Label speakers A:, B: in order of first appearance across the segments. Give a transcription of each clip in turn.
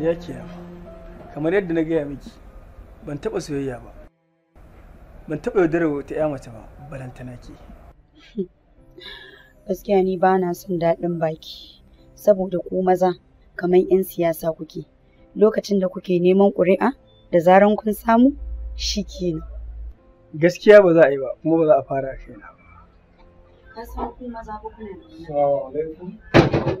A: ke kenan kamar yadda na gaya miki ban taɓa soyayya ba ban taɓa yaudarar wata ya mace ba balantana ke
B: gaskiya ni ba na son daɗin baki saboda ku maza kamar 'yan siyasa kuke lokacin da kuke neman ƙuri'a da zaran kun samu shi kenan gaskiya ba za a yi ba kuma ba za a fara shi na. ba san maza kuna
C: da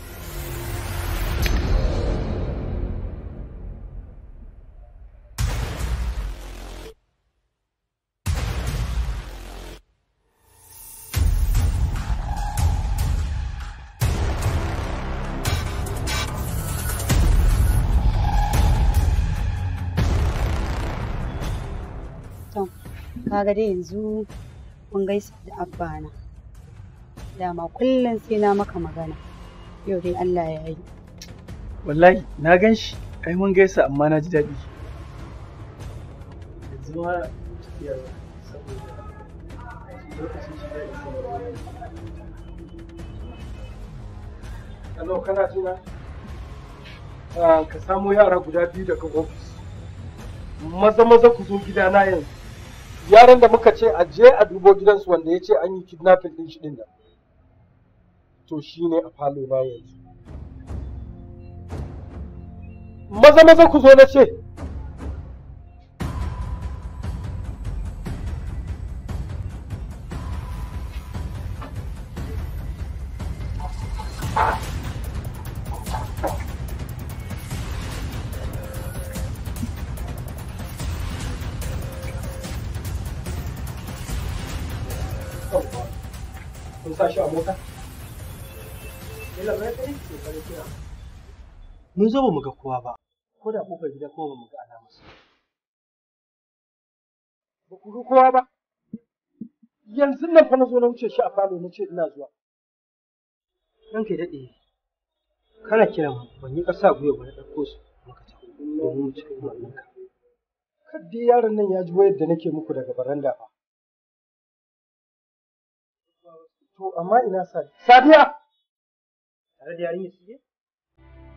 B: kaga dai yanzu mun gaisa da abba na dama kullum sai na maka magana yau dai Allah ya yi
A: wallahi na gan shi ai mun gaisa amma na ji daɗi
B: yanzu ma saboda
D: lokacin shi
C: Hello, kana jina? Ah, ka samo yara guda biyu daga ofis. Maza maza ku zo gidana yanzu. yaran da muka ce a je a dubo gidansu wanda ya ce an yi kidnapping din shi din nan to shi ne a falo na yanzu maza maza ku zo na ce Mun zo ba mu ga kowa ba, ko da kofar gida kuma ba mu ga su Ba ku ga kowa ba? Yanzu nan fa na zo na wuce shi a falo na ce ina zuwa. Nan kai daɗe, kana kira mu ban yi ƙasa gwiwa
E: ba na ɗauko su muka ta,
C: domin mu cikin mamanka. kaddi yaron nan ya ji wayar da nake muku daga baranda ba.
F: To amma ina Sadiya. Sadiya!
C: Tare da yarinya su je?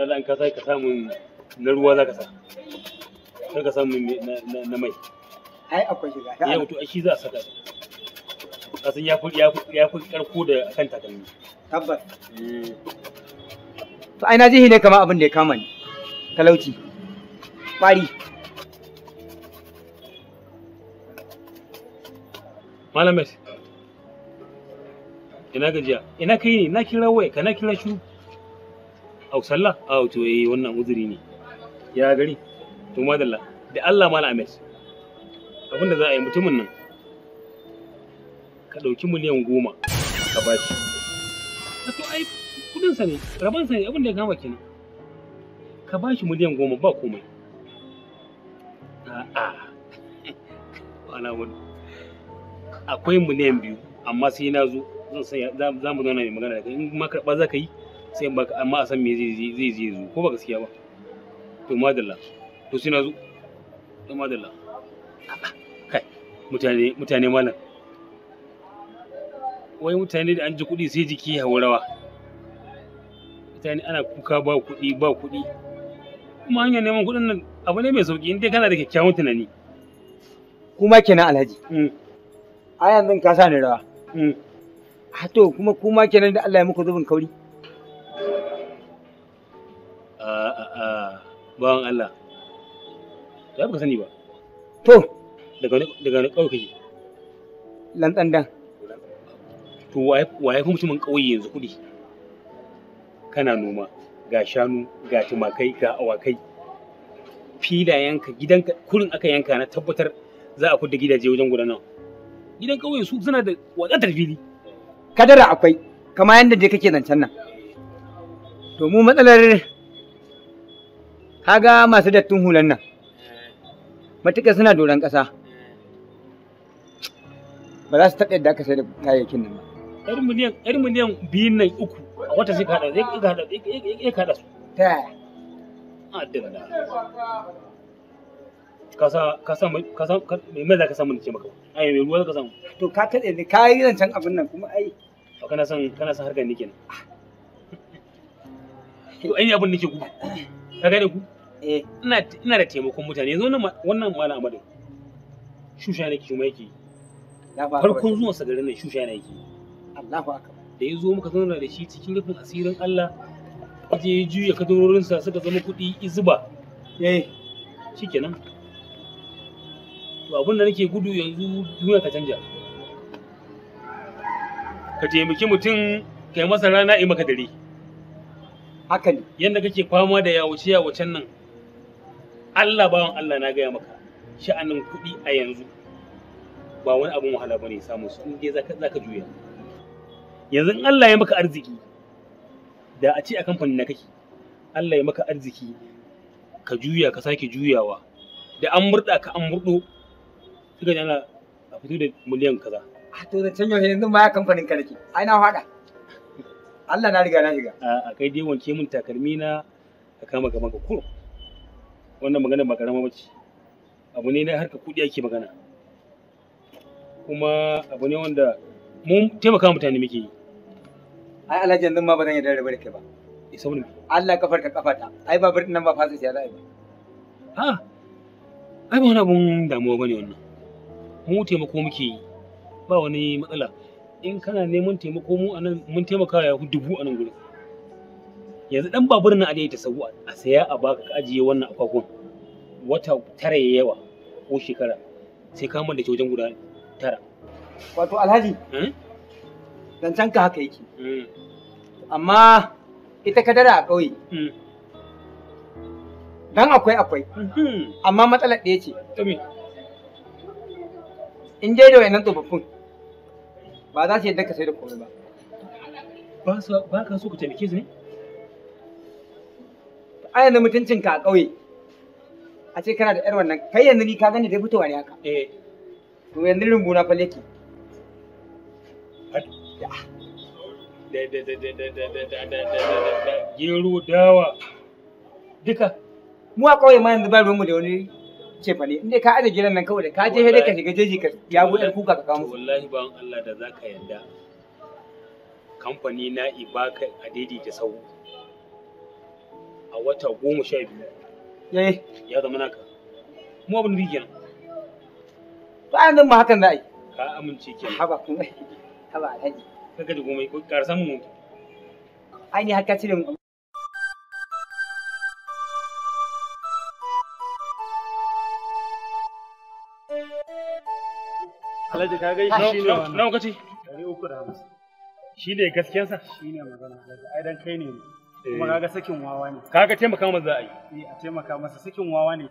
G: kada in ka ka samu na ruwa za ka sa kar ka samu na mai
E: ai akwai shiga ta
G: shi za a saka kasan ya ya da kan takalmi tabbas eh.
H: to ai ne kamar abin da ya kama ni talauci
G: ƙwari ina gajiya ina kai ne na kira ka na kira shu au sallah au to eh wannan uzuri ne ya gari to madalla da Allah mala abin da za a yi mutumin nan ka ɗauki miliyan goma ka ba shi to ai kudin sa ne raban sa ne abin da ya kama kenan ka ba shi miliyan goma ba komai a'a ana wani akwai miliyan biyu amma sai na zo zan za mu zauna mai magana da kai in ma karɓa za ka yi sai in baka amma a san me zai zai zai zo ko ba gaskiya ba to madalla to sai na zo to madalla kai mutane mutane malam wai mutane da an ji kuɗi sai jiki ya mutane ana kuka ba kuɗi ba kuɗi kuma hanyar neman kuɗin nan abu ne mai sauƙi in dai kana da kyakkyawan tunani
H: kuma kenan alhaji mm. a yanzu ka sa ni rawa mm. ah, to kuma kuma kenan da Allah ya muku zubin kauri
G: bawan Allah to ba sani ba to daga daga wani ƙauye kake lantsandan to waye kuma mutumin ƙauye yanzu kuɗi kana noma ga shanu ga tumakai ga awakai filayenka gidanka kurin aka yanka na tabbatar za a kudda gidaje wajen guda nawa gidan ƙauye su suna da wadatar fili kadara akwai kama yadda je kake zancen nan
H: to mu matsalar kaga masu dattin hulan nan eh. matuƙa suna doron ƙasa eh. ba za su taɓa yadda aka sai da kayayyakin nan
G: ba yar miliyan biyun nan uku a wata sai ka hada zai ka hada zai ka hada su ta yaya adalla ka sa ka sa ka sa me mai za ka samu nake maka ai mai ruwa za ka samu to ka taɗe ne ka yi zancen abin nan kuma ai to kana son kana son harkar ni kenan to ai abin nake gudu ka gane ku eh. ina da taimakon mutane yanzu wannan wannan malam Amadu shusha ne kuma yake farkon zuwan sa garin nan shusha ne yake Allahu akbar da yazo muka zauna da shi cikin rufin asirin Allah je ya juya kadarorin sa suka zama kuɗi izuba eh shikenan to abin da nake gudu yanzu duniya ka canja ka taimaki mutum kai masa rana yi maka dare haka ne yanda kake fama da yawace yawacen nan Allah bawan Allah na gaya maka sha'anin kuɗi a yanzu ba wani abin wahala bane samu su in za ka zaka juya yanzu in Allah ya maka arziki da a ce a kamfanin na kake Allah ya maka arziki ka juya ka sake juyawa da an murda ka an murdo suka jana a fito da miliyan kaza a to da can yau yanzu ma kamfanin ka nake ai na hada Allah na riga na shiga a kai dai wanke min takalmi na ka kama gaban ka kurum wannan magana ba karama bace abu ne na harka kuɗi ake magana kuma abu ne wanda mun taimaka mutane muke yi ai alhaji yanzu ma ba zan yarda da barke ba isa eh, wani
H: Allah kafar ka kafa ta ai ba birnin nan ba fasa siya za a yi
G: ha ai ba wani abun damuwa bane wannan mu taimako muke yi ba wani matsala in kana neman taimako mu anan mun taimaka ya dubu anan gurin yanzu dan babur na aje ta sabu a saya a baka ka ajiye wannan akwakon wata tara ya yawa ko shekara sai ka manta wajen guda tara wato alhaji eh?
H: zancen ka haka yake hmm. amma ita kadara a ƙauye hmm. dan akwai akwai hmm. amma matsalar ɗaya ce in dai da wayannan tsofaffin ba za su yadda ka sai da komai
G: ba ba ka so ku taimake su ne
H: ai na mutuncin ka a ƙauye a ce kana da yar wannan kai yanzu ni ka gani dai fitowa ne haka eh to yanzu rumbu na falle ki gero dawa duka mu a ƙauye ma yanzu ba ruwanmu da wani ce fa ne in ka aje gidan nan kawai da ka je dai ka shiga jeji ka ya buɗe kuka ka
G: kawo wallahi ban Allah da zaka yarda kamfani na ibaka a da sau a wata goma sha biyu yayi eh. ya zama naka mu abin rigiyar
H: to a yanzu ma hakan za a yi
G: ka amince kenan haba kun haba alhaji kaga da goma ko karsan mu ai ni
H: har ka cire mu alhaji ka gai shi
I: ne wannan nawa kace
G: dari uku da hamsin shi ne gaskiyar sa shi ne magana alhaji ai dan kai ne eh. kuma kaga sakin wawa ne kaga taimaka masa za a yi eh a taimaka masa sakin wawa ne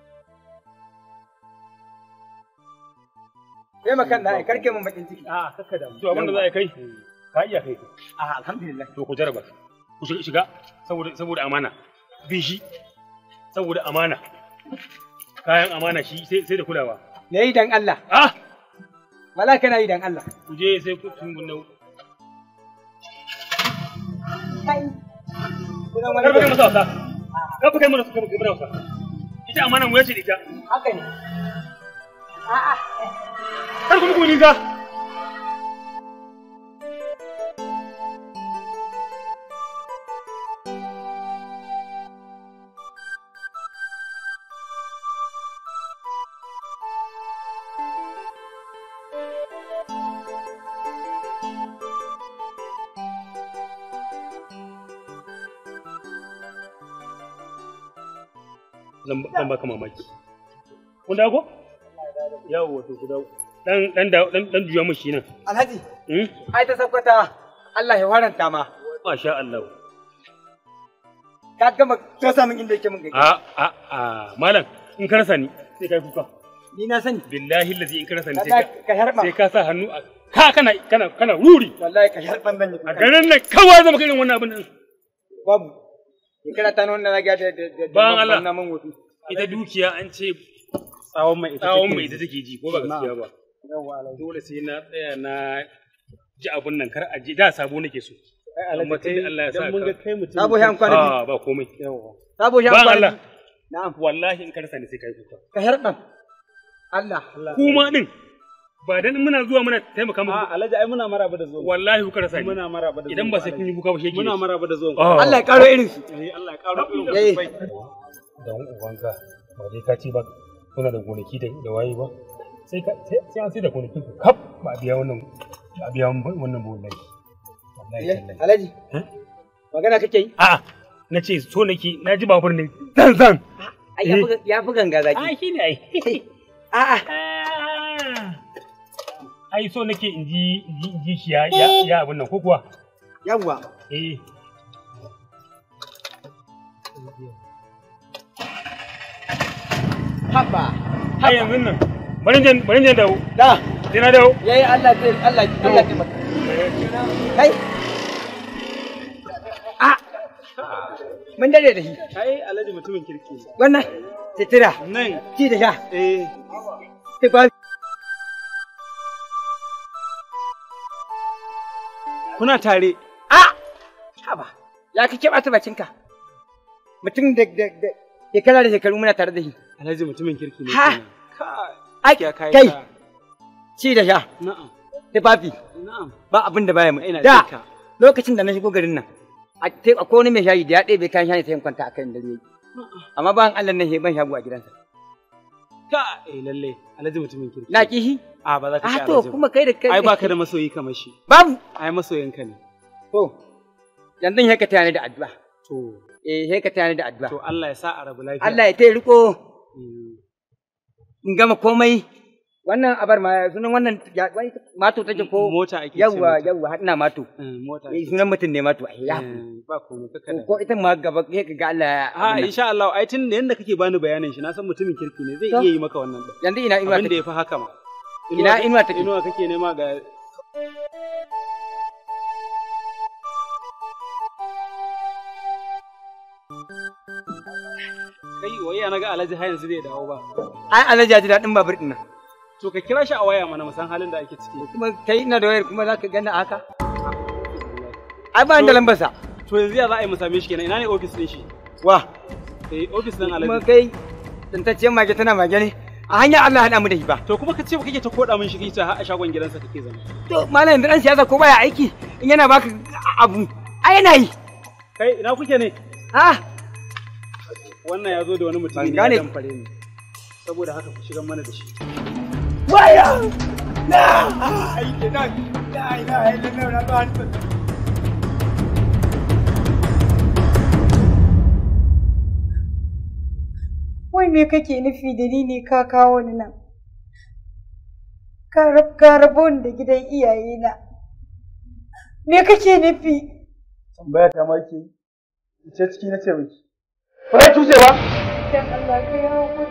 G: da ai karke mun bakin ciki a'a kakka da to abin da za a kai eh. ka iya kai a alhamdulillah to ku jaraba ku shiga saboda saboda amana bin shi saboda amana kayan amana shi sai da kulawa ne dan Allah ah wala kana yi dan Allah ku je sai ku tungun nau kai ah. kai masa wasa kai kai ita amana mu yace ita haka ne a'a kar ku ni dan baka mamaki kun ko yawo wato ku dawo. dan dan dan dan juya mushi nan alhaji
H: ai ta sabkata Allah ya waranta ma
G: masha Allah
H: ka gama ta samu inda yake mun gaggaba
G: a a a malam in ka rasa ni sai kai kuka ni na sani billahi allazi in ka rasa ni sai ka sai ka sa hannu a ka kana kana kana ruri
H: wallahi ka harban zan
G: yi a garin nan kawai zama kai wannan abin nan babu
H: in kana ta na ga da da ban Allah
G: ita dukiya an ce tsawon mai ita take ji ko ba gaskiya ba dole sai na tsaya na ji abun nan kar a ji da sabo nake so ai tun da Allah ya sa ka sabo shi an kwana ba komai yawa sabo shi kwana kwana na'am wallahi in karsa ne sai kai kuka
H: ka harban Allah Allah kuma
G: din ba dan muna zuwa muna taimaka muku ah, a alaji ai muna maraba da zuwa wallahi ku karasa muna maraba da zuwa idan ba sai kun yi kuka ba shege muna maraba da zuwa Allah ya karo irin su eh, Allah ya karo irin eh. shi don ubanka ba dai ka ce ba kuna da gonaki da waye ba sai ka sai an sai da gonakin ku kaf ba biya wannan ba biya wannan bollai Alhaji eh? magana kake yi a'a na ce so nake na ji babur ne zan zan eh. ya
H: fi ganga zaki a
G: shine ai a ah. ai so nake in ji ji shi ya ya eh. abin nan ko kuwa yawwa eh haba har yanzu nan bari je da dina yayi Allah zai Allah Allah ki maka kai a
H: mun dare da shi kai alhaji mutumin kirki wannan titira nan eh. ki da eh kuna tare a haba ya kike bata bakinka mutum da da da shekara da shekaru muna tare da shi Alhaji mutumin kirki ne. Ha! Kai! kai! Ci da sha. Na'am. Sai fafi. Na'am. Ba abin da baya mu. Ina da ka. lokacin da na shigo garin nan. A ko wani mai shayi da ya ɗebe kan shayi sai in kwanta a kan dare. Amma ba an Allah nan ban shago a gidansa. Ka eh lalle Alhaji mutumin kirki. Na kihi? A ba za ka ah, sha Alhaji. to kuma kai da kai. Ai ba ka da masoyi kamar shi. Babu. Ai masoyin ka ne. To yanzu sai ka tayar da addu'a. To eh sai ka tayar da addu'a. To Allah ya sa a rabu lafiya. Allah ya tayi riko. in gama komai wannan abar ma sunan wannan mato take ko mota ake yawa yawa mato mota eh, sunan mutum ne mato ai ya eh, ba komai kaka ko ita ma gaba kai ka ga Allah ha ah, insha Allah ai tun da yanda kake bani bayanin shi na san mutumin kirki ne zai iya yi maka wannan da yanzu ina inuwa abin da yafi haka ma ina inuwa take inuwa kake nema ga Kai
D: waye na ga Alhaji har
H: yanzu bai dawo ba. Ai Alhaji ya ji daɗin babur ɗin nan. To ka kira shi a waya mana musan halin da ake ciki. Kuma kai ina da wayar kuma za ka gana haka. Ai ba da sa. To yanzu ya za a yi mu same shi kenan ina ne ofis ɗin shi. Wa. Eh ofis ɗin Alhaji. Kuma kai tantacciyar mage tana mage ne. a hanyar Allah haɗa mu da ba To kuma ka ce kake ta koɗa mun shi kake a shagon gidansa kake zama. To malam yanzu ɗan siyasa ko baya aiki in yana baka abu ai yana yi. Kai ina kuke ne? Ah wannan ya zo da wani mutum ne ya fare ni saboda haka ku shigar mana da shi
C: waya na ai ke nan aike na ai ilaha na ba ni
B: Wai me kake nufi da ni ne ka kawo ni nan? Ka rabo ni da gidan iyaye na. Me kake nufi?
A: Tambaya ta maki, ita ciki na ce miki.
F: kana cusewa?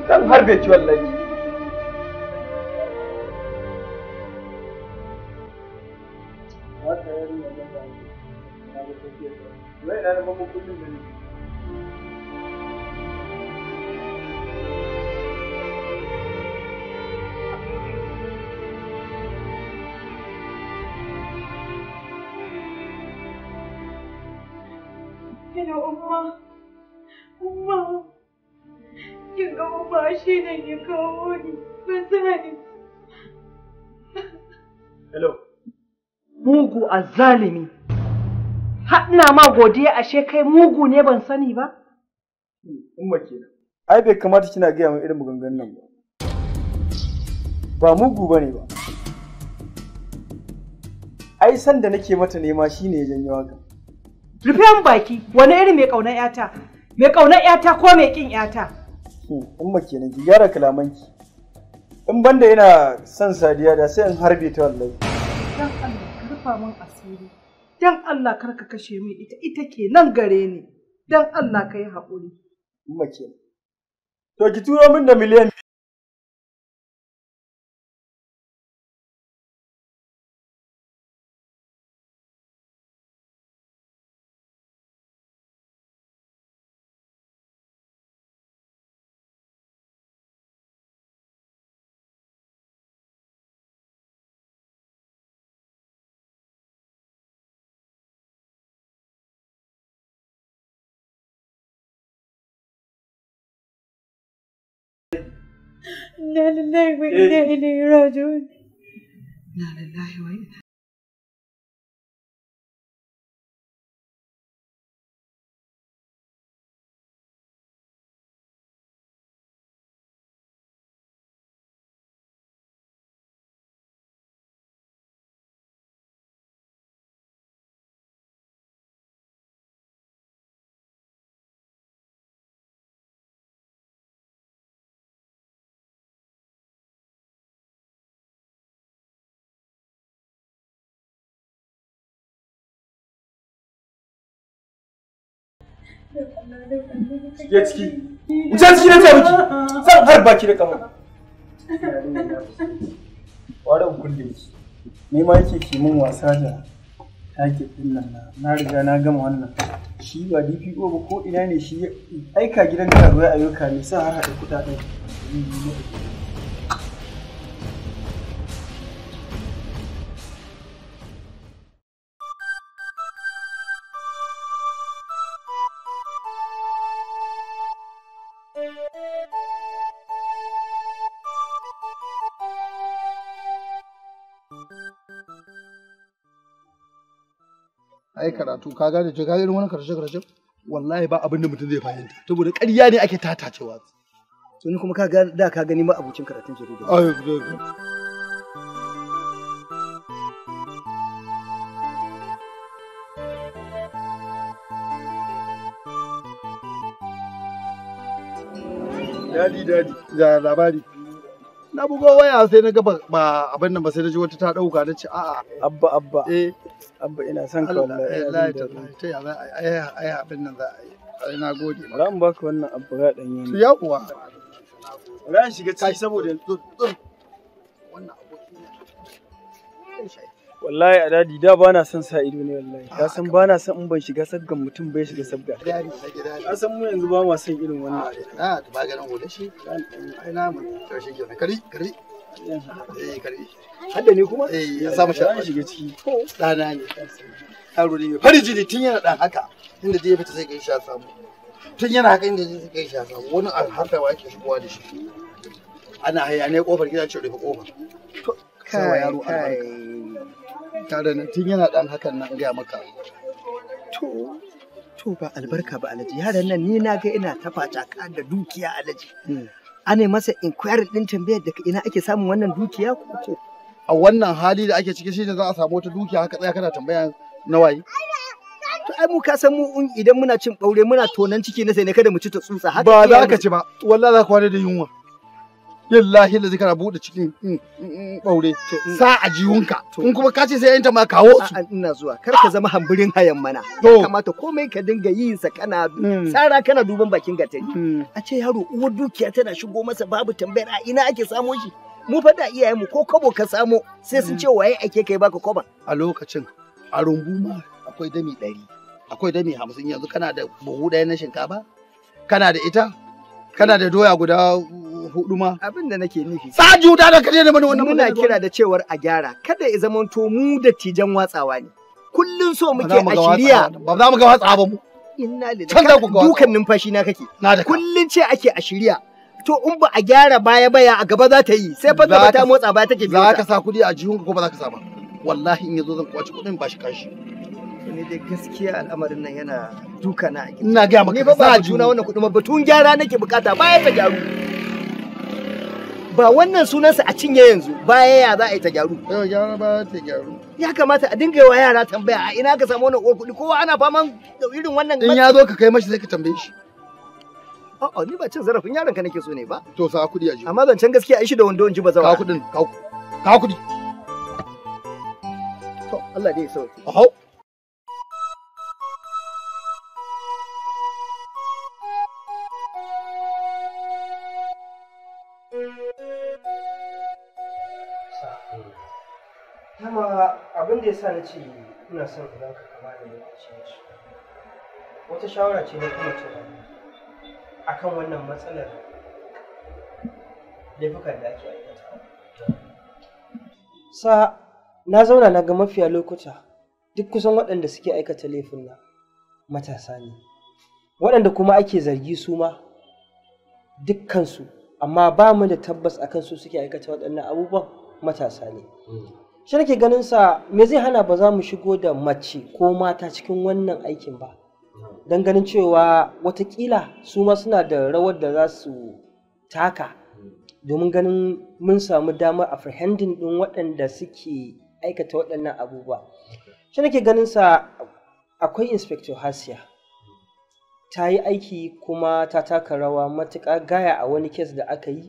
F: Dan harbe
A: ki wallahi. Wata da Na ga tafiya Wai
D: kawuni ba zai.
J: Hello.
E: Mugu azalimi. Haɗina ma godiya ashe kai mugu ne ban sani ba?
A: Umma kenan. Ai bai kamata kina gaya min irin maganganun nan ba. Ba mugu ba ne ba. Ai san da nake mata nema shine ya janyo haka. Rufe baki, wani
E: irin mai ƙaunar 'yata? Mai ƙaunar 'yata ko mai ƙin 'yata?
A: umma kenan ki gyara kalamanki in banda yana son sadiya da sai in harbe ta wallahi dan
E: Allah ka rufa min asiri dan Allah kar ka kashe min ita ita ke nan gare ni
F: dan Allah ka yi haƙuri umma kenan to ki turo min da miliyan Inna lillahi wa inna eh. ilaihi Shige ciki. Wuce ciki na ce miki. Zan har baki da
A: kama. Warin kulle ki. Ni ma yake ke min wasa da take din nan na. Na riga na gama wannan. Shi ba DPO ba ko ina ne shi aika gidan karo ya ayyuka ne sa har haɗa kuɗaɗen.
K: karatu ka gane ce ka gane wani karshe karshe wallahi ba abin da mutum zai fahimta saboda ƙarya ne ake tatacewa to ni kuma ka ga da ka
E: gani ma abucin karatun jarida
D: ayo
A: Dadi dadi ya
K: labari na bugo waya sai na ga ba abin nan ba sai na ji wata ta dauka na ce a a
A: abba abba eh abba ina son ka wallahi ta
K: ya za a yi ai abin nan za
A: a yi na gode ba ran baka wannan abba ga dan yi ya kuwa ran shiga ciki saboda
K: wannan abokin ne
A: wallahi a dadi da bana son sa ido ne wallahi ka ah, san bana son in ban shiga sabgan mutum bai shiga sabga ka san mu yanzu ba ma son irin wannan ah,
K: a ah, to ba ganin hula shi ai na mu shi ke kari kari eh kari hadda ne kuma eh ya samu shi shiga ciki dana ne yaro ne farin jini tun yana dan haka inda je fita sai kai sha samu tun yana haka inda je sai kai sha samu wani wa yake shigowa da shi ana hayanai kofar gida ce rufe kofar kai kai tare nan tun yana dan hakan nan gaya maka
E: to to ba albarka ba alaji yaran nan ni na ga ina ta facaka da dukiya alaji hmm. ana masa
K: inquiry din tambayar da ina ake samun wannan dukiya ko a wannan hali da ake ciki shine za a samu wata dukiya haka tsaya kana tambaya na waye. to ai mu ka san mu idan muna cin baure muna tonan ciki na sai ne kada mu ci ta tsutsa haka ba za ka ci ba wallahi za ka kwana da yunwa yallahi da kana bude cikin mm, mm, mm, ɓaure sa a jiwunka in kuma ka ce sai yanta ma kawo su ina zuwa kar ka zama hamburin hayan mana kamata komai ka dinga yin sa kana tsara kana duban bakin gatan a ce yaro uwar dukiya tana shigo masa babu tambayar a ina ake samo shi mu fada iyaye iyayenmu ko kobo ka samo sai sun ce waye ake kai baka koban a lokacin a rumbu ma akwai dami ɗari akwai dami hamsin yanzu kana da buhu ɗaya na shinkafa kana da ita kana da doya guda hudu ma abin da nake nufi sa saju da ka da mana wannan muna kira da cewar a gyara kada ya zamanto mu da tijan watsawa ne kullun so muke a shirya ba za mu ga watsawa ba mu inna lillahi dukan numfashi na kake kullun ce ake a shirya to in ba a gyara baya baya a gaba za ta yi sai fa gaba ta motsa baya take biyo za ka sa kudi a jihunka ko ba za ka sa ba wallahi in yazo zan kwaci kudin ba shi kashi ne dai gaskiya al'amarin nan yana duka na ina ga maka za a juna wannan kudin ba batun gyara nake bukata baya ta gyaru ba wannan sunansa a cinye yanzu baya ya za a yi ta gyaru. Yau gyara ba ta gyaru. Ya kamata a dinga yawa yara tambaya a ina ka samu wannan uwar kuɗi kowa ana faman irin wannan. In ya zo ka kai mashi sai ka tambaye shi. A'a ni ba cin zarafin yaron ka nake so ne ba. To sa kuɗi a ji. Amma zancen gaskiya a shi da wando in ji ba zawa. Ka kuɗin ka kuɗi. To Allah dai ya sauke. Ahau.
E: abin da ya sa na ce ina son in ka kama da lokaci da shi wata shawara ce na kuma tunani kan wannan matsalar laifukan da ake aikata sa na zauna na ga mafiya lokuta duk kusan waɗanda suke aikata laifin nan matasa ne waɗanda kuma ake zargi su ma dukkansu amma ba mu da tabbas akan su suke aikata waɗannan abubuwan matasa ne hmm. shi nake ganin sa me zai hana ba za mu shigo da mace ko mata cikin wannan aikin ba don ganin cewa watakila su ma suna da rawar da za su taka domin ganin mun samu damar apprehending din waɗanda suke aikata waɗannan abubuwa shi nake ganin sa akwai inspector hasiya ta yi aiki kuma ta taka rawa matuƙa gaya a wani kes da aka yi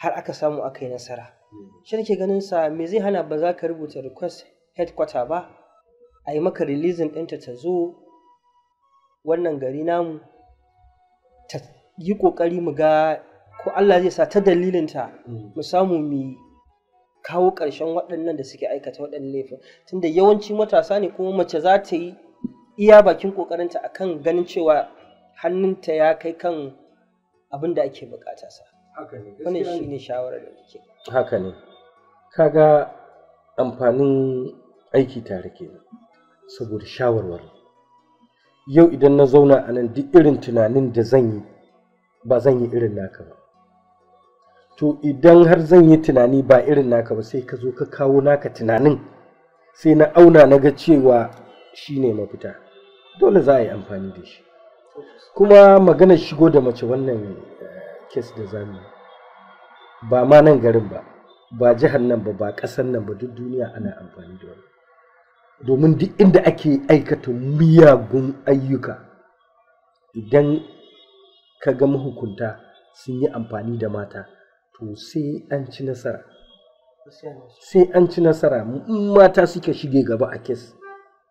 E: har aka samu aka yi nasara shi nake ganin sa me zai hana ba za ka rubuta request headquarter ba a yi maka releasing ɗinta ta zo wannan gari namu ta yi ƙoƙari mu ga ko Allah zai sa ta dalilinta mm. mu samu mu kawo ƙarshen waɗannan da suke aikata waɗannan laifin tunda yawanci matasa ne kuma mace za ta yi iya bakin ƙoƙarinta akan ganin cewa hannunta ya kai kan abinda ake bukata sa. Haka ne, shawarar da ba
C: haka ne kaga amfanin aiki tare kenan saboda shawarwari yau idan na zauna a nan duk irin tunanin da zan yi ba zan yi irin naka ba to idan har zan yi tunani ba irin naka ba sai ka zo ka kawo naka tunanin sai na auna na ga cewa shi ne mafita dole za a yi amfani da shi kuma maganar shigo da mace wannan kes eh, da zamu yi ba ma nan garin ba ba jihar nan ba ba ƙasar nan ba duk duniya ana amfani da wani domin duk inda ake aikata miyagun ayyuka idan ka ga mahukunta sun yi amfani da mata to sai an ci nasara sai an ci nasara mata suka shige gaba a kes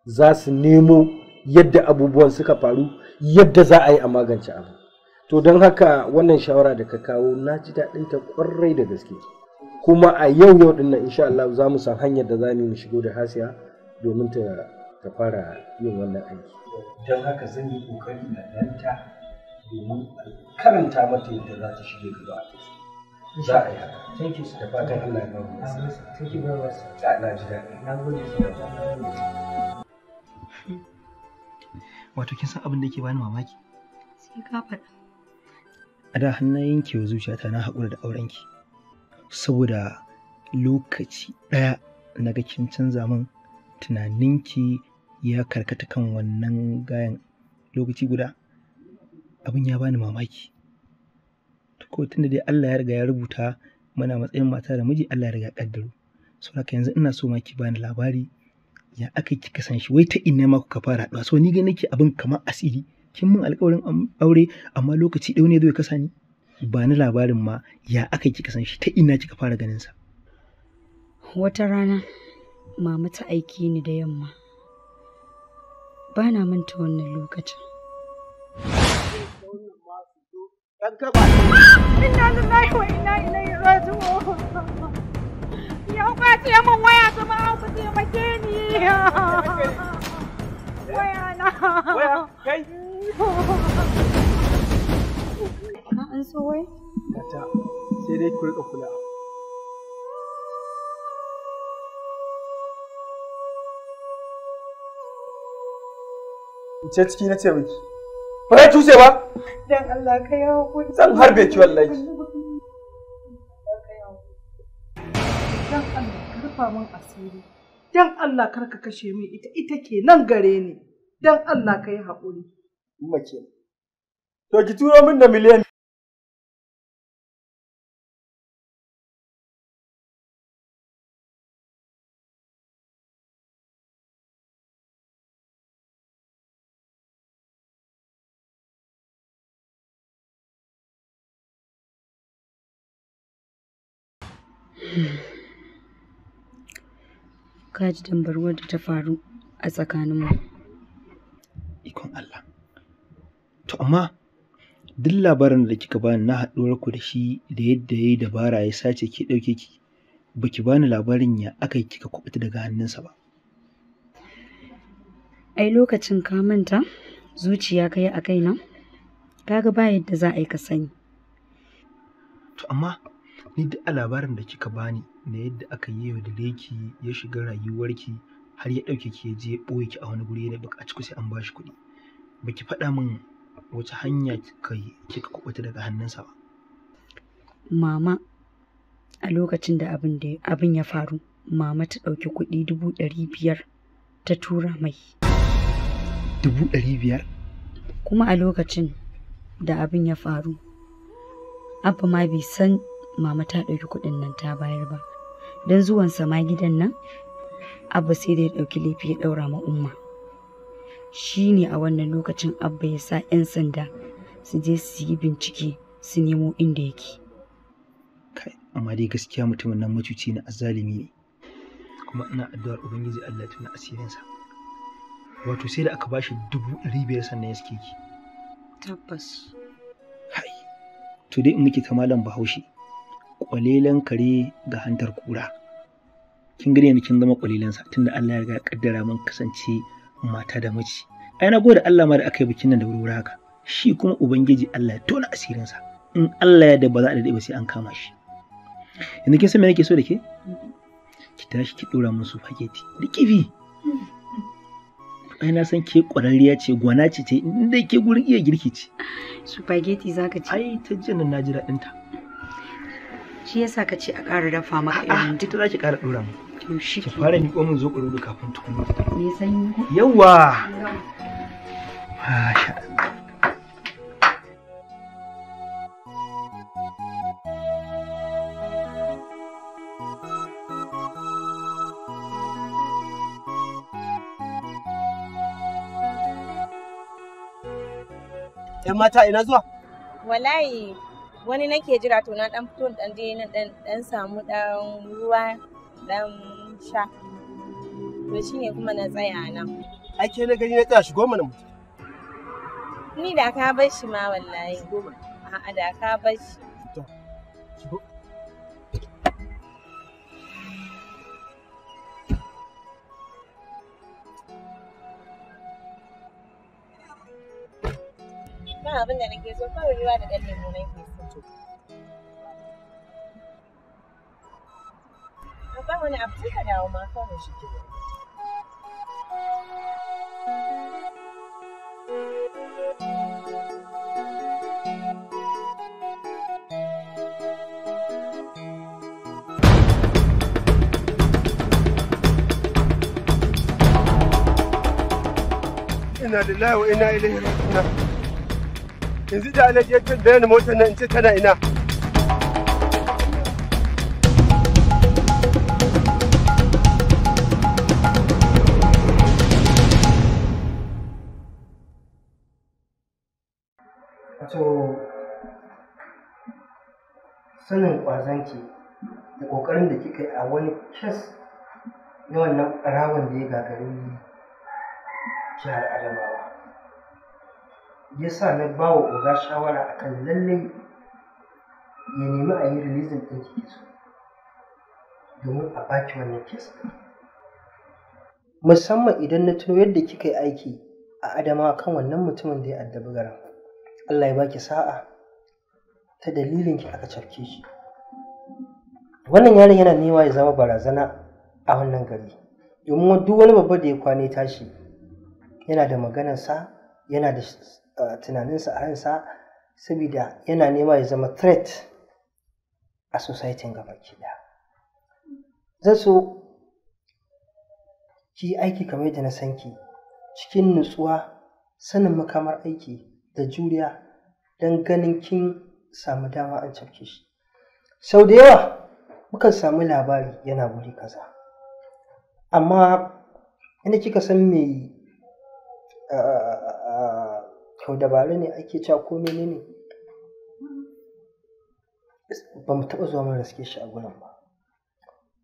C: za su nemo yadda abubuwan suka faru yadda za a yi a magance abu to don haka wannan shawara da ka kawo na ji daɗin ta ƙwarai da gaske kuma a yau yau din nan insha Allah za mu san hanyar da za mu shigo da hasiya domin ta ta fara yin wannan aiki don haka zan yi kokari na danta domin karanta mata yadda za ta shige gaba za a yi haka thank you sir da fatan Allah ya bamu thank you very much sir na ji daɗi
D: na gode sir
J: wato kin san abin da yake bani mamaki
B: sai ka faɗa
J: a da hannun yankewa zuciyata na haƙura da aurenki saboda lokaci ɗaya na ga kin canza min tunaninki ya karkata kan wannan gayan lokaci guda abin ya bani mamaki ko da dai Allah ya riga ya rubuta mana matsayin mata da miji Allah ya riga kaddaro so haka yanzu ina so ma ki bani labari ya aka kika san shi wai ta ina ma kuka fara haɗuwa so ni ga nake abin kamar asiri kin min alƙawarin aure amma lokaci ɗau ne zai kasa ni ba ni labarin ma ya aka kika san shi ta ina kika fara ganin sa
B: wata rana mama ta aiki ni da yamma ba na manta wannan lokacin
D: waya ta ma
B: an so wai? Gata,
F: sai dai ku rika kula.
A: Ce ciki na ce miki. Ba zai cuce ba?
F: Dan Allah ka yi hakuri. Zan harbe ki wallahi. Dan Allah ka rufa min asiri.
E: Dan Allah kar ka kashe min ita ita ke nan gare ni. Dan Allah ka yi haƙuri.
F: Umma To ki turo min da miliyan
B: Ka ji tambarwar da ta faru a tsakaninmu. Ikon
J: Allah. To amma duk labarin da kika bani na haɗuwar ku da shi da yadda yayi dabara ya sace ki ɗauke ki baki bani labarin ya aka yi kika kuɓuta daga hannunsa ba.
B: Ai lokacin ka manta zuciya ka yi a kaga ba yadda za a yi ka sani.
J: To amma ni duk a labarin da kika bani na yadda aka yi wa ki ya shiga rayuwarki har ya ɗauke ki ya je ya ɓoye ki a wani guri ya buƙaci ku sai an shi kuɗi. Baki faɗa min wace hanya kika yi kika kubuta daga hannunsa ba
B: mama a lokacin da abin ya faru mama ta ɗauki kuɗi dubu ɗari biyar ta tura mai
K: dubu dari biyar
B: kuma a lokacin da abin ya faru abba ma bai san mama ta ɗauki kuɗin nan ta bayar ba don zuwansa ma gidan nan abba sai da ya ɗauki laifi ya ɗaura ma umma shi ne a wannan lokacin abba ya sa 'yan sanda su je su yi bincike su nemo inda yake
J: amma dai gaskiya mutumin nan macuci na azalimi ne kuma ina addu'ar ubangiji allah tuna asirinsa wato sai da aka bashi dubu ɗari biyar sannan ya suke ki tabbas hai to dai in muke kamalan bahaushe kwalelan kare ga hantar kura kin gani yanzu kin zama kwalelansa tunda allah ya ga kaddara mun kasance mata da miji ai na gode Allah ma da aka yi bikin nan da wuri haka shi kuma ubangiji Allah ya tona asirinsa in Allah ya da ba za a daɗe ba sai an kama shi yanzu kin san me nake so da ke ki tashi ki dora musu faketi da kifi ai na san ke ƙwararriya ce gwana ce ce inda ke gurin iya girki ce spaghetti zaka ci ai ta jin na ji daɗinta. shi yasa ka ce a ƙara dafa maka irin duk ta za ki ƙara dora mu to shi fara miƙo min zo kafin me masha ‘Yan mata ina zuwa?
E: Wallahi wani nake jira to na dan fito ɗan je nan samu ɗan ruwa ɗan sha
L: to ne kuma na tsaya nan
K: ai ke na gani na tsaya shigo mana mutum
L: ni da ka bar shi ma wallahi a'a da ka bar shi to shigo abin da nake so kawai ruwa da ɗan lemo nake so ba wani abu sai ka dawo ma kawai shi
A: Ina lillahi wa raji'un. Yanzu da alaji ya motar nan in ce tana ina.
E: sanin kwazanki da ƙoƙarin da kika yi a wani kes na wannan rawan da ya gagari jihar adamawa ya sa na ba wa oga shawara akan lallai ya nemi a
C: yi rilizin ɗin ki so domin a baki wannan kes
E: musamman idan na tuno yadda kika yi aiki a adamawa kan wannan mutumin da ya addabi garin Allah ya baki sa'a ta dalilin ki aka cafke shi wannan yaron yana nema ya zama barazana a wannan gari domin duk wani babba da ya kwane tashi yana da maganarsa yana da eh, tunaninsa a sa, saboda yana nema ya zama threat a society gaba ki zan so ki aiki kamar yadda na san ki cikin nutsuwa sanin makamar aiki da juriya don ganin kin samu dama an cafke shi sau da yawa mukan samu labari yana wuri kaza amma inda kika san me
C: ah,
E: kyau dabaru ne ake cewa ko ne ne ba mu taɓa zuwa mun raske shi a gurin ba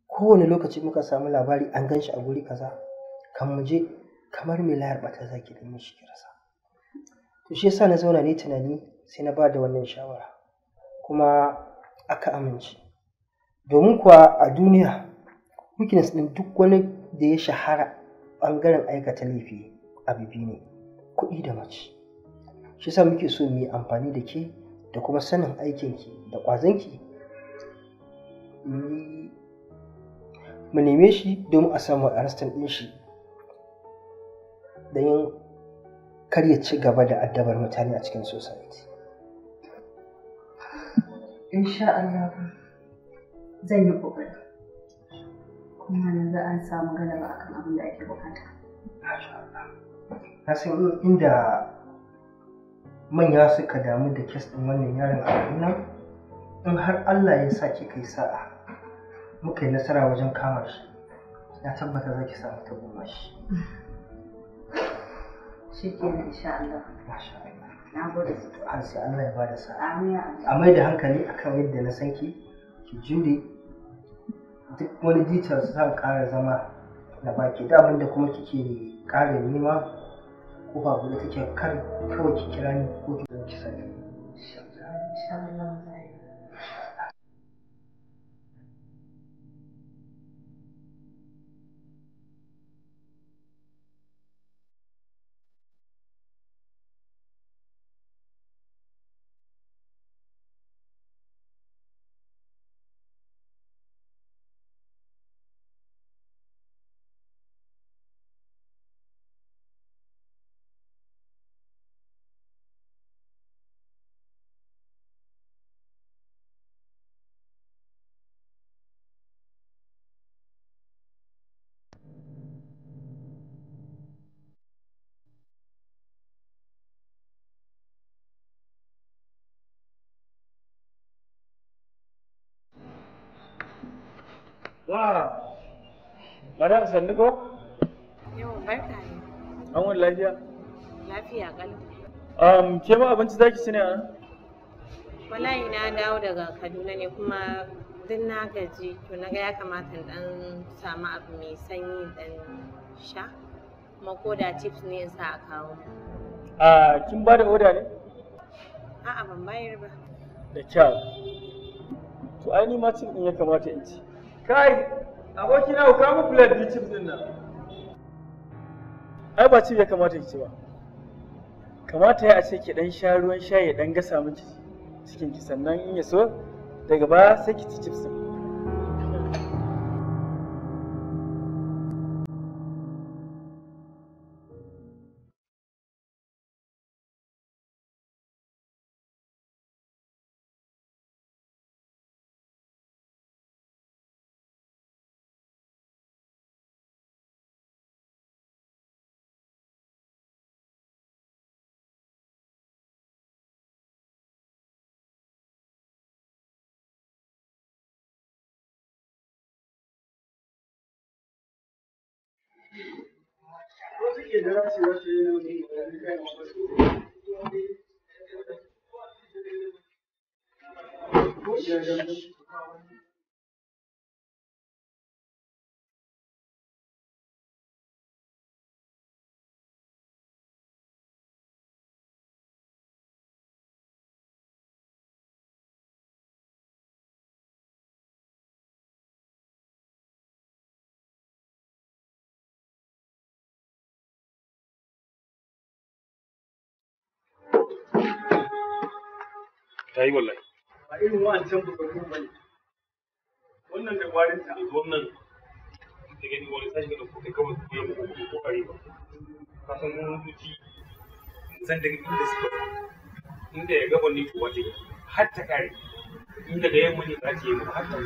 E: kowane lokaci muka samu labari an gan shi a guri kaza kan mu je kamar mai layar ta zaki da mishi kirasa to shi yasa na zauna ne tunani sai na ba da wannan shawara kuma aka amince domin kuwa a duniya weakness ɗin duk wani da ya shahara ɓangaren aikata laifi a bibi ne kuɗi da mace shi sa muke so mu yi amfani da ke da kuma sanin aikinki da ƙwazonki mu neme shi domin a samu arrestin ɗin shi don yin karya ci gaba da addabar mutane a cikin society
B: insha Allah zan yi ƙoƙari kuma na za a samu galaba akan abin da ake bukata
E: na san inda manya suka damu da kes ɗin wannan yaron a nan in har Allah ya sa ki kai sa'a muka yi nasara wajen kama shi ya tabbata za ki samu ta goma shi
B: shi ke insha Allah na gode
E: a Allah ya ba da
B: sa'a a
E: mai da hankali akan yadda na san ki ki jure duk wani su zan ƙara zama na baki da abinda kuma kike ƙara nema ko ba bude take kar kawai
D: ki kira ni ko ki ki sani
F: madam sannu
A: ko
L: yawan barka ne an wani lafiya lafiya
A: kalau ke ma abinci zaki ci ne a
L: wallahi na dawo daga kaduna ne
E: kuma duk na gaji to na ga ya kamata dan samu abu mai sanyi dan sha kuma ko da chips ne in sa a kawo
A: a kin ba da oda ne
H: a'a ban bayar ba
A: da kyau to ai ni ma cin in ya kamata in ci
H: kai Abokina na ku
A: kawo plate din chips din nan ai ba ya kamata ki ci ba kamata ya ce ki dan sha ruwan shayi dan gasa miki cikin ki sannan in ya so daga ba
F: sai ki ci chips генерации нашей радикальной поскольку. Я
G: ta yi wallahi a irin wa'ancan bukatu ba ne wannan da kwarin ta wannan da gani wani sashi da kuka kawai ku yi ko ko kare ba ka san mun rubuci san daga inda suka inda ya gaba ni ko wace har ta kare inda da yamma ne za ta yi ba har ta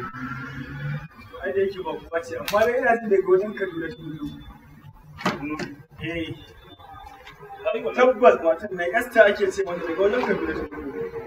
G: ai da yake ba ku bace
A: amma da ina jin daga wajen Kaduna tun biyu eh tabbas matan nan esta ake ce wanda daga wajen Kaduna tun biyu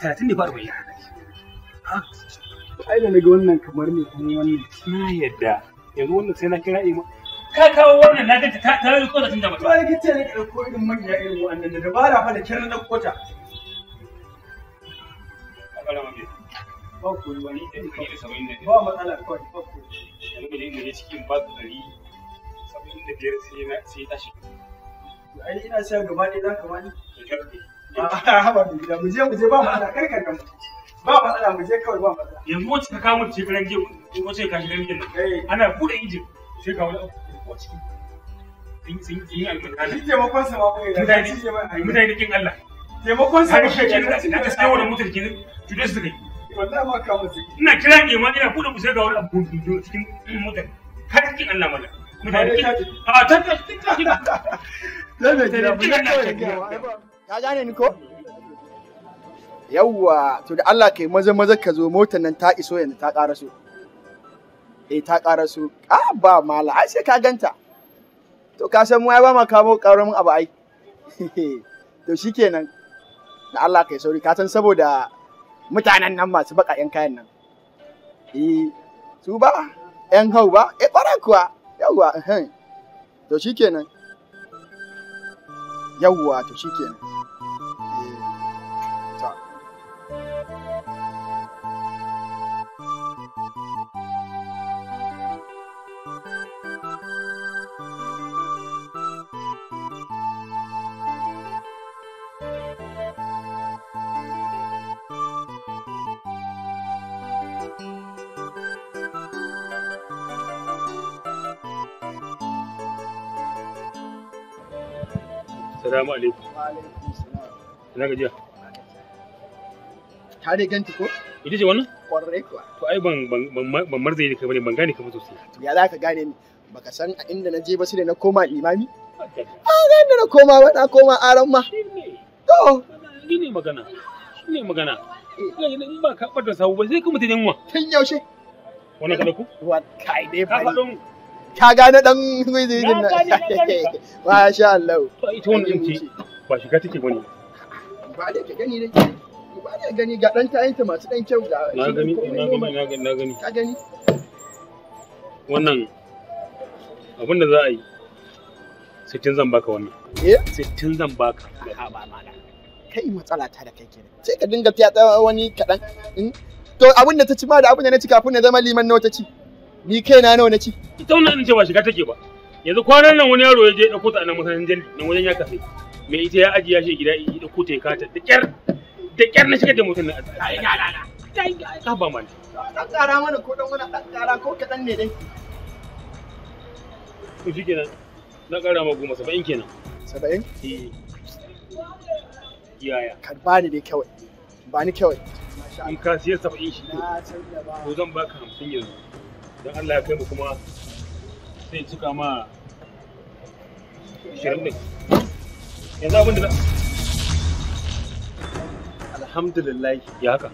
G: talatin ne ba arba'in ya haɗa ai da na ga wannan kamar ne kuma wannan na yadda yanzu wannan sai na kira ima ka kawo wannan na ganta ta
A: ta yi kodacin da mutum ba ya ce ne ka ɗauko irin manya irin wannan da dabara fa da kiran na kota
G: ba ku yi wani ɗari da saba'in da ba matsala kawai ba ku yanzu da inda ne cikin ba ɗari saba'in da biyar sai na sai tashi
A: ai ina sai gaba ɗaya za ka wani da kyau Ah, haba mai gida
G: mu je mu je ba matsala kar ba matsala mu je kawai ba matsala yanzu wacce ka kawo mu ce garan giyo wacce ka shiga gidan ana bude injin sai ka wani abu a ciki sun yi alƙur'ani shi taimakon sa ma kuma ya ci je mutane da kin Allah taimakon sa kuma ya ci da ka sayo mutar su kai wallahi ma ka ina kira ne ma ina buɗe mu sai ga wani abu cikin mutar har kin Allah mala mutane kin ah, a tantance kin
A: kin kin kin kin kin kin kin kin
K: kin Ka gane ni ko? Yawwa, to da Allah kai maza maza ka zo motar nan ta iso yanzu ta ƙara so. Eh ta ƙara so. Ah ba mala, ai sai ka ganta. To ka san mu ai ba ma kawo ƙaramin abu ai. to shikenan. Da Allah kai sauri, ka san saboda mutanen nan masu baka 'yan kayan nan. Eh, su ba, ‘yan hau ba, "Eh ƙwarar kuwa, yawwa, to shikenan. Yawwa, to shikenan.
D: Salamu alaikum.
G: Ina gajiya. Ta dai ganti ko? Ita ce wannan? Kwarai To ai ban ban marzaye da kai bane ban gane ka ba sosai.
K: Ya za ka gane ni? Baka san a inda na je ba sai na koma limami? A ga inda na koma ba na koma aran ma. To. Shi ne magana.
G: Shi ne magana. In ba ka da sabu ba sai kuma mutu yunwa. Tun yaushe. Wannan ka ɗauko? Wa kai dai ba. Ka faɗo
K: ka gane dan gwizi din nan masha Allah
G: to ita wannan ce ba shiga take bane
K: ba da ka gani dai ba da gani ga dan ta masu dan kyau ga na gani na gani na gani na gani ka gani
G: wannan abin da za a yi sittin zan baka wannan eh sittin zan baka ka ba mala
K: kai matsala ta da kai kenan sai ka dinga fiya wani kaɗan hmm? to abin da ta ci ma da abin da na ci kafin na zama liman na
G: wata ci Ni kai na nawa na ci? Ita wannan ce ba shiga take ba. Yanzu kwanan nan wani yaro ya je dauko ta a nan masallacin nan wajen ya kafe. Me ita ya ajiya shi gida ya dauko ta ya kata da kyar da kyar na shiga da mutum na
K: asibiti. Ka ba man Ɗan ƙara mana ko ɗan wani ɗan ƙara ko kaɗan ne dai.
G: To shi kenan na ƙara ma goma saba'in kenan. Saba'in? Eh. Yaya. Ba ni dai kawai. Ba ni kawai. In ka siya saba'in shi ne. Ko zan baka hamsin yanzu. don Allah ya kai mu kuma sai cika ma shirin ne yanzu abin da alhamdulillah ya haka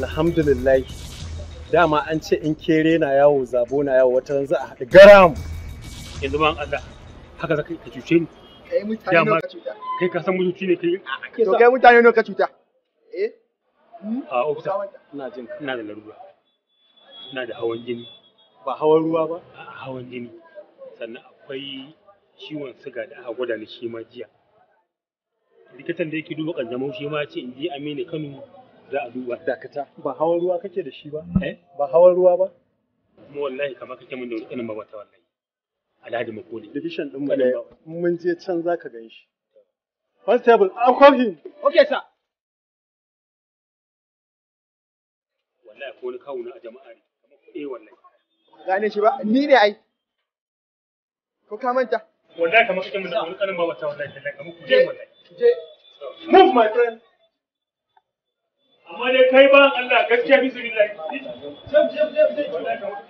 C: alhamdulillah dama an ce in kere
G: na yawo zabo na yawo wata yanzu a haɗu garam yanzu ma Allah haka za ka cuce ni
K: kai mutane ne ka cuta
G: kai ka san mutunci ne kai to kai
K: mutane ne ka cuta
G: eh hmm? a ofisa ina jin ina da larura ina da hawan jini ba hawan ruwa ba a hawan jini sannan akwai ciwon siga da aka gwada ni shi ma jiya likitan da yake duba kanjamau shi ma ce in je Aminu Kano za a duba dakata ba hawan ruwa kake da shi ba eh? ba hawan ruwa ba kuma wallahi kamar kake mun da wani ba wata wallahi Alhaji Makoli division din mu ne
F: mun je can zaka gan shi constable I'm coming okay sir wallahi ko ni kawo a jama'a ne kamar eh wallahi gane shi ba ni ne ai ko ka manta wallahi kamar
G: mun da wani ba wata wallahi tallahi kamar ku je wallahi
F: je move my friend amma dai kai ba Allah gaskiya bi su billahi jab jab jab jab wallahi kamar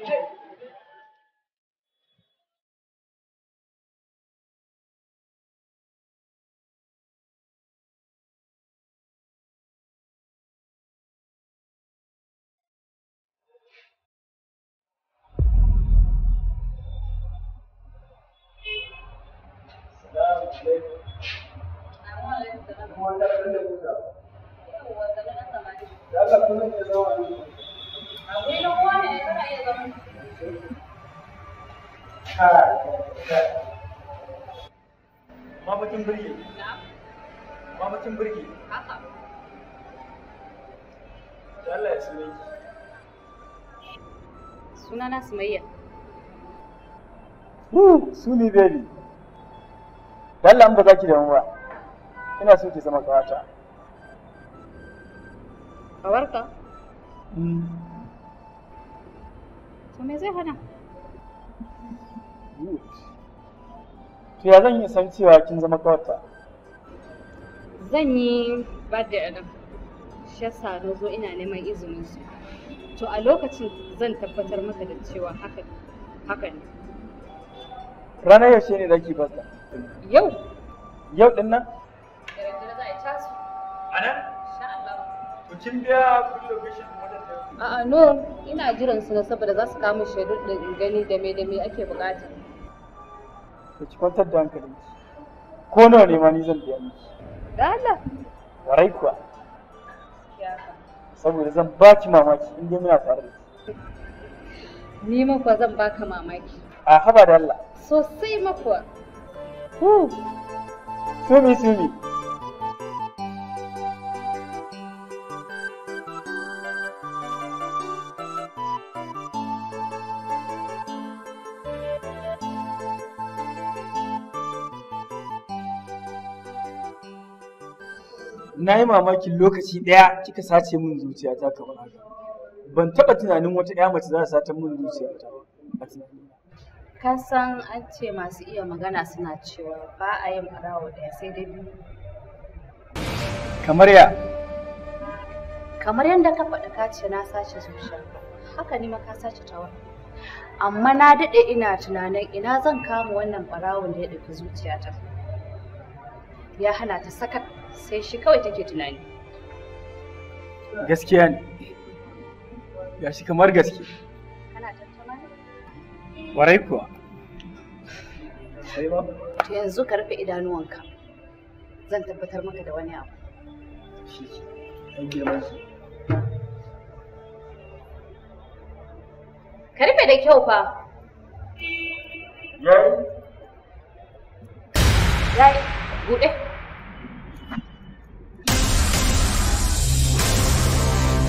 B: sumayya
A: su ne baby dalla ba za ki damu ba ina so ki zama kawata
B: kawarka hmm. to me zai hana
A: to ya zan yi san cewa kin zama kawata
B: zan yi ba da shi yasa na zo ina neman izinin su to a lokacin zan tabbatar maka da cewa haka haka ne
A: ranar yaushe ne zaki basta yau yau din nan a kin biya
B: a'a no ina jiran su na saboda za su kama shaidu din gani da me da me ake bukata
A: Ka ci kwantar da hankalin ko nawa ne ma ni zan biya miki da Allah warai kuwa saboda zan baki mamaki in dai muna tare da ki
B: ni makwa zan zan baka mamaki
A: a haba da Allah
B: sosai Su mi
A: Sumi sumi. na yi mamakin lokaci ɗaya kika sace min zuciyata kamar haka ban taɓa tunanin wata ƴa mace za ta sace min
B: zuciyata a tunanina ka san an ce masu iya magana suna cewa ba a yin ɓarawo ɗaya sai dai biyu kamar ya kamar yadda ka faɗi ka ce na sace zuciya haka ni ma ka sace ta wani. amma na daɗe ina tunanin ina zan kama wannan ɓarawon da ya ɗauki zuciyata ya hana ta sakat sai shi kawai take tunani gaskiya ne
A: ga shi kamar gaske kana
G: ne? warai kuwa
B: to yanzu ka rufe idanuwanka zan tabbatar maka da wani abu
F: ka
E: rufe da kyau fa yayi
B: yayi buɗe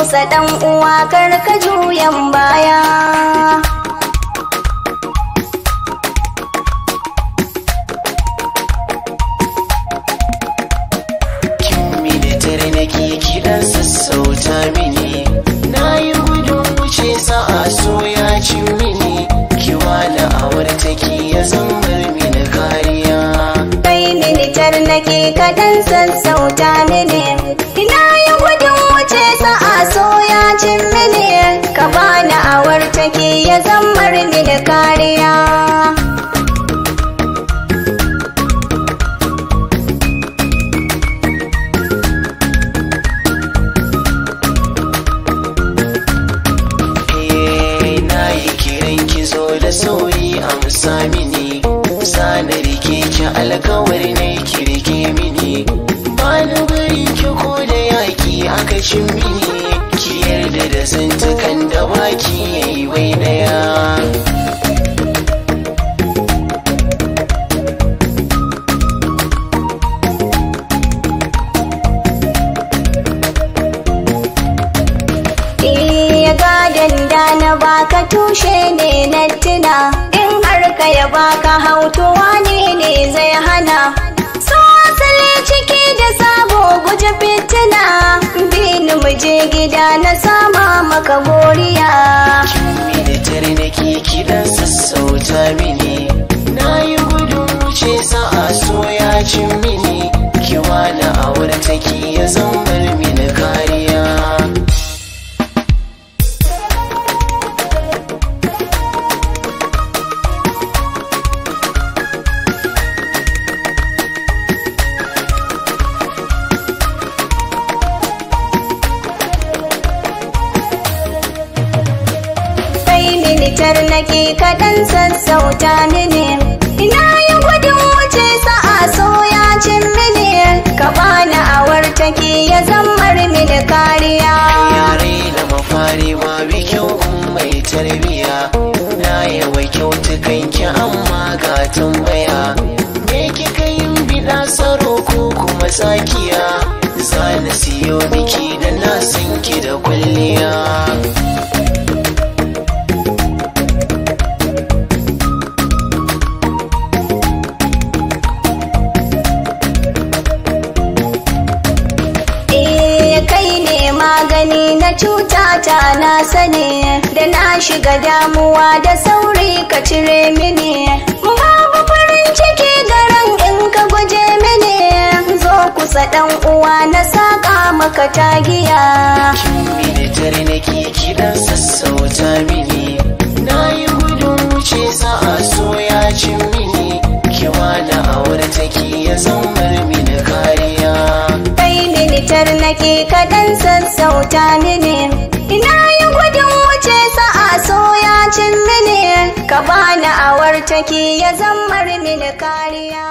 L: kusa dan uwa kar ka juyan baya
I: Kiɗan sassauta mini, na yi gudun wuce sa'a so ya ci mini, kiwa da awar take ya zambar mini kariya.
L: Kai mini tar nake kaɗan sassauta mini, ina zammar ni da kariya
I: eh, Na da sauyi amsa mini sana rike ki alkawar ne ki rike mini ba na bari ki ko da yaki a cin mini ke kiɗan sassauta mini na yi gudun wuce sa'a so ya cin mini
L: sauƙaƙe kaɗan sassauta mini ina yi gudun wuce sa'a so cin mini ka bani awar take ya zammar mini kariya
I: yare na mafari ma bi kyau mai tarbiya na yawa kyautukan ki amma ga tambaya me kika yin bina tsaro ko kuma tsakiya za na siyo biki da na san da kwalliya
L: shiga damuwa da sauri ka cire mini babu farin ciki da ran in ka guje mini zo kusa dan uwa na saka maka tagiya
I: da tare nake kidan sassauta mini na yi gudun wuce sa'a so ya ci mini kiwa da aure ta take ya zamar mini kariya
L: kai militar nake kadan sassauta mini ina yi gudun wuce sa'a so ya cin mini ka bani awar take ya zammar mini kariya